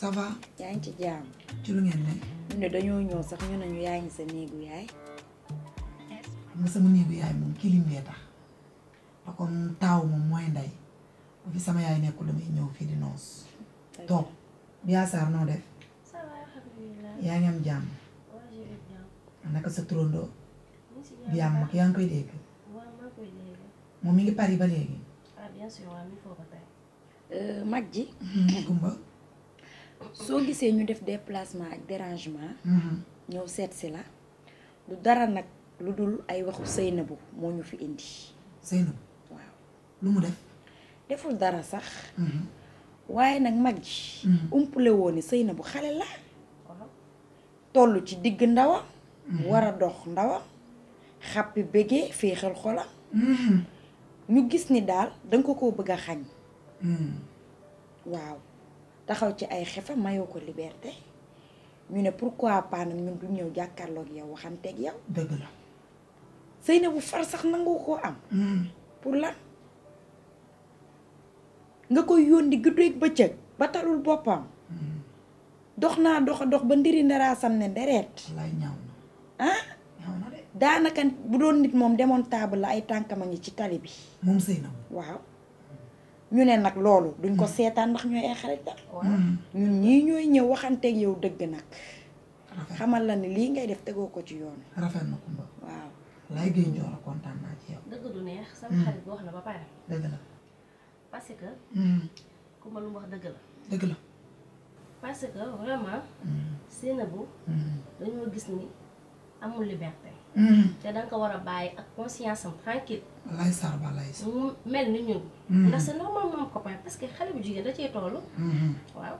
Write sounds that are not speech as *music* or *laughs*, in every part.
ça va. yaa ngi ci jàmm. ci lu ngeen ne. ñu ne dañoo ñëw sax ñu ne ñu yaa ngi sa néegu yaay. xam nga sama néegu yaay moom kilim bee tax te kon taaw mooy ndey bu fi sama yaay nekkul damay ñëw fii di noos. toog yaa noo def. yaa ngi am jàmm. naka sa turandoo. biyaam mag yaa ngi koy dégg. moom mi ngi Paris ba léegi. Ah, euh, mag ji. *laughs* Kumba. soo gisee ñu def déplacement ak derangement mhm. ñëw seet si la du dara nag lu dul ay waxu Seynabou moo ñu fi indi. Seynabou waaw lu mu def. deful dara sax. Mhm. waaye nag mag ji. Mhm. umpule woon bu Seynabou xale la. tollu ci digg ndawam. war a dox ndawam. xàppi bëggee féexal xolam. ñu gis ni daal danga ko koo bëgg a xañ. waaw. taxaw ci ay xefa mayoo ko liberté ñu ne pourquoi pas nag ñun du ñëw jàkkaarloog yow waxanteeg yow. dëgg la. Seynabou far sax nangu koo am. Hmm. pour lan nga koy yónni guddeeg bëccëg ba talul boppam. Hmm. dox naa dox dox ba ndiri ndaraasam ne ndereet. ah. daanaka bu doon nit moom demoon table la ay tànkam a ngi ci tali bi. waaw. ñu ne nag loolu duñ ko mm. seetaan ndax ñooy ay xarit la mm. ñun ñii ñooy ñëw waxanteeg yow dëgg nag xamal la ne lii ngay def tegoo ko ci yoon rafet na Kumba waaw lay géey kontaan naa ci yow dëgg du neex sama mm. xarit bi wax la ba pare dëgg la parce que Kumba lu mu wax dëgg la dëgg la parce que vraiment Seynabou dañoo gis ni amul liberté. Mm. te da nga ko war a bàyyi ak conscience am tranquille. lay sar ba mu mel ni ñun. Mm. ndax c'est normal moom copain parce que xale bu jigéen da cee toll. Mm-hmm. waaw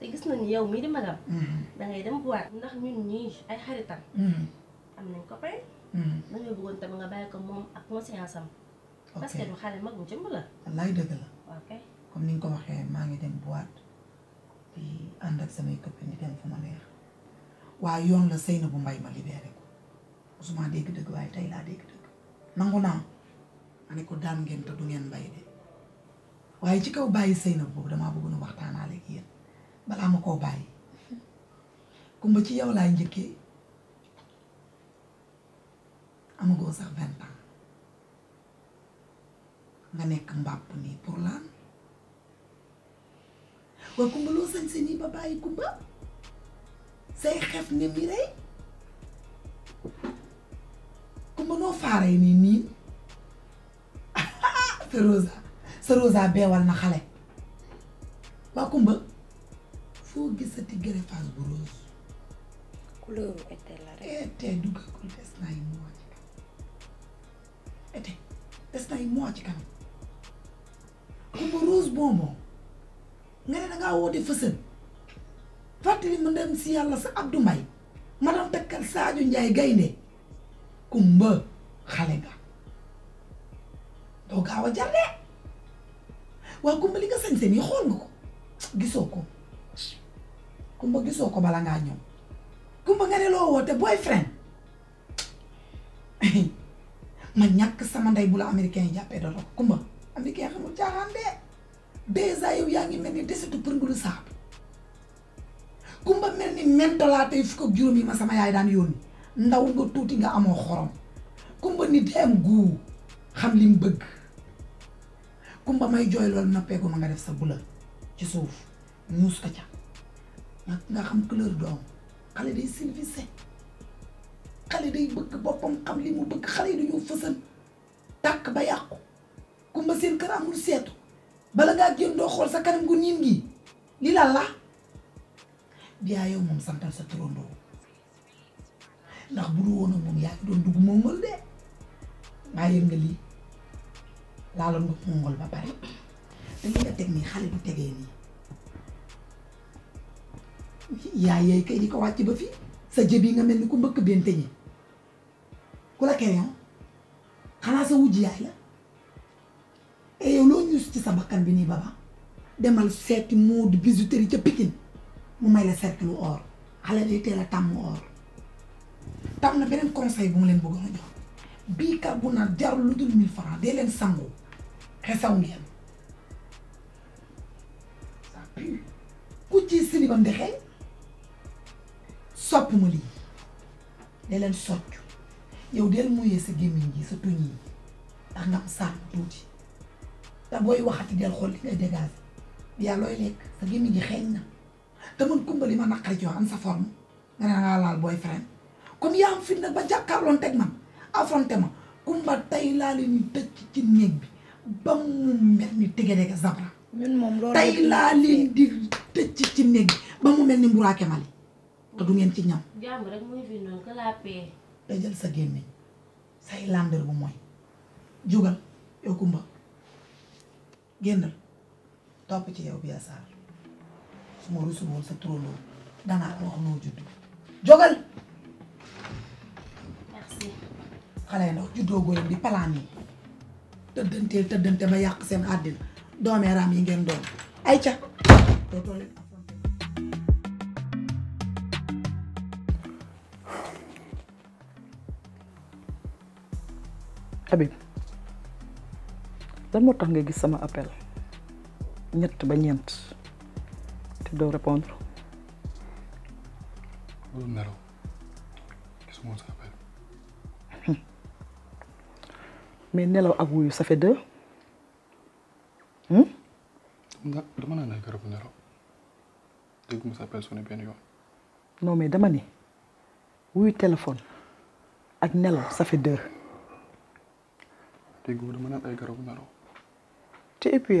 te gis nañu yow mii di magam. Mm-hmm. da ngay dem boîte ndax ñun ñii ay xaritam. Mm-hmm. am nañ copain. da ngay bëggoon nga bàyyi ko moom ak conscience am. parce que du xale mag bu jëmb la. wallaay dëgg la. ok comme ni nga ko waxee maa ngi dem boîte di ànd ak samay copines di dem fu ma neex. wa yon la bu mbay ma libéré ko usman deg dëgg way tay la deg dëgg nanguna ané ma ko daan ngén te du ngén mbay de waaye ci kaw bàyyi Seynabou bu, dama bëgguna a waxtaanaale ak yeen bala ma koo bàyyi kumba ci yow laay am go sax 20 ans nga nek mbàpp ni pour laan wa kumba loo sañ seni ba bàyyi kumba say xef ni mi rey ku mënoo faaree nii nii *laughs* sa rosa sa rosa beewal na xale waa kumba foo gisati gëre faas bu rose couleur été la rek été duggagul des na ay mois ci kanam été des na ay mois ci kanam kumba rose bonbon nga ne dangaa woote fësën fàttali ma dem si yalla sa Abdou may manam takkal Sadio Ndiaye gayne kumba xale nga do gawa a wa kumba li nga sañse nii xol nga ko gisoko kumba gisoko bala nga ñom kumba nga ne wote boyfriend *laughs* ma ñak sama nday bu la américain jappé do kumba américain xamul caaxaan de dèjà yow yaangi melni mel pour ngulu saabu kumba melni ni mentolaa tey fukk ma sama yaay daan yoni ndaw nga tuuti nga amo xorom kumba nit day gu xam lim beug kumba may joy lol na ma nga def sa bula ci souf ñuus ka ca nag nga xam couleur doom xale day civilisé xale day beug bopam xam li beug xale yi dañoo ba kumba seen kër amul setu bala nga gën do xol sa kanam gu niin gi lila la biyaa yow moom santal sa turandoo ndax bu du woon ak moom yaa doon dugg mongol de maa nga lii laaloon nga mongol ba pare te li nga teg nii xale bu tegee nii yaay yaay kay di ko wàcc ba fii sa jëb yi nga mel ni ku mbëkk bente ñi ku la keyoon xanaa sa wujj yaay la et eh, yow loo ñuus ci sa bakkan bi nii baba demal seeti moo di bisutéri ca Pikine mu may la cercle or xale day teel a tàmm or tam na beneen conseil bu mu leen bëggoon a jox bii kàggu naa jarul lu dul 1000 francs dee leen sangu xesaw ngeen ku ci silibam di xeeñ sopp ma lii dee leen soccu yow deel muyee sa gémmiñ gi sa tuñ yi ndax nga am sàmm tuuti te booy waxati del xool li ngay dégager yaa looy lekk sa gémmiñ gi xeeñ na te man kumba li ma sa forme nga ne dangaa laal boyfriend ma kumba tey laa leen tëj néeg ba mu mel ni tëgg moom loolu tey di tëj ci néeg bi ba mu mel ni mburaake mali te du ngeen ci ñam. jàmm rek muy jël sa gémmiñ say landeer bu mooy jugal yow kumba génnal topp ci yow bi suma rusul woon sa turandoo danaa ko wax noo judd jógal merci xale yi ndax juddoo góoyam di plan yi tëddantee tëddante ba yàq seen àddina doomee ram yi ngeen doon ay ca dootoo leen Habib lan moo tax nga gis sama appel ñett ba ñent te doo répondre. *laughs* mais nelaw ak wuyu ça fait deux. Hmm? dama dama naan ay garabu nelaw dégguma sa appel sonné benn yoon. non mais dama ni wuyu téléphone ak nelaw ça fait deux. dégguma dama naan ay garabu nelaw. te et puis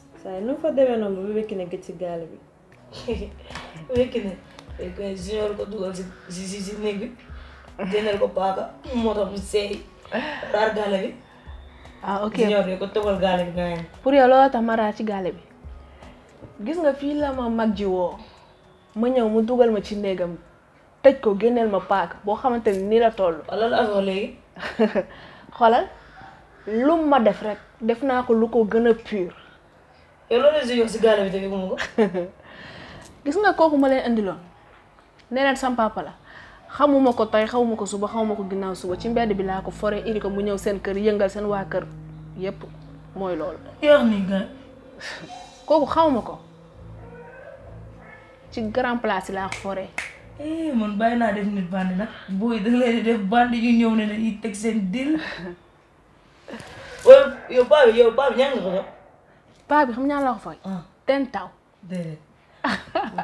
saa yi nu fa demee noonu ba wekki na gëj si gaal bi. wekki na wekki junior ko gaale bi. ah ok ci gaale bi. gis nga fii la ma mag ji woo ma ñëw mu dugal ma ci néegam tëj ko génneel ma paaka boo xamante ni nii la toll. wala *laughs* lu ma def rek def naa ko lu ko gën a pur. yow loolu si yow si gaale bi te yëguma ko. *laughs* gis nga kooku ma leen indiloon nee leen la xamuma ko tey xamuma ko suba xamuma ko ginnaaw suba ci mbedd bi laa ko fore iri ko mu ñëw seen kër yëngal seen waa kër yépp mooy loolu. yor ni *laughs* kooku xamuma ko ci grand place yi laa ko eh, man bàyyi naa def nit bandi nag booy da leen di def bandi ñu ñëw ne dañuy teg seen dil. yow yow paa yow paa bi ñaan nga ko paa bi xam ñaa la ko fay. Ah. ten taw. déedéet *laughs*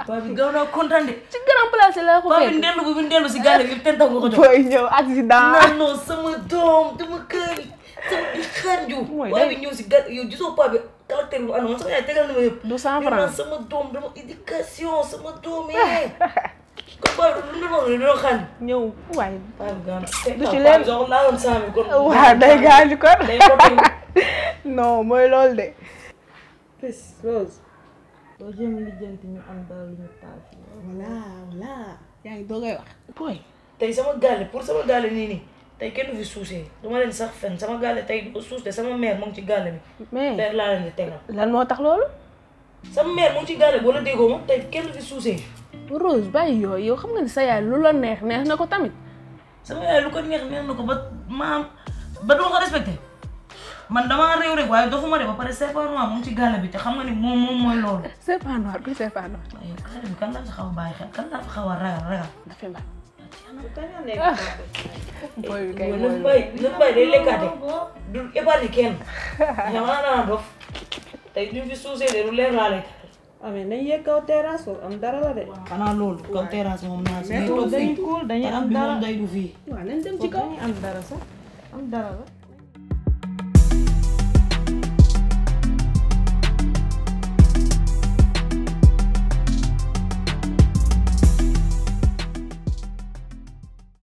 paa bi gaaw naa kontaan de. ci grand place la ko fekk paa bi ndellu bu bi ndellu si gàlle bi ten taw nga ko jox. booy ñëw accident. non non sama doom dama kër sama xaanju. mooy paa bi ñëw si gàll yow lu mu doon doon xam. *laughs* *laughs* pes rose doo jéem lijjanti ñu am dara lu ñu taal fii voilà voilà yaa ngi doogay wax boy tey sama gaale pour sama gaale nii nii tey kenn du fi suusee duma leen sax fen sama gaale tey du ko sama mère mu ngi ci gaale bi mais leer laa leen moo tax loolu sama mère mu ci gaale bi wala déggoo ma tey kenn du fi suusee Rose bàyyi yooyu yow nga ni sa yaay lu la neex neex na ko tamit sama yaay lu ko neex neex na ko ba maam ba duma ko respecté man damaa réew rek waaye dofuma de ba pare séparer noir mu ngi ci gàll bi te xam nga ni moom moom mooy loolu. séparer noir bi séparer noir. waaye gàll bi kan laa fi xaw a bàyyi xel kan laa fi xaw a ragal ragal. dafay baax. booy bi kay mooy lu bay day lekkaate du épargne kenn yamaa *laughs* naa dof tey ñu fi suusee de du leer laa lekk. ah mais nañ yegg kaw terrasse am dara la de. xanaa loolu kaw terrasse moom naa si. mais dañuy cool dañuy am dara am bi moom day du fii. waaw nañ dem ci kaw am dara sax am dara la.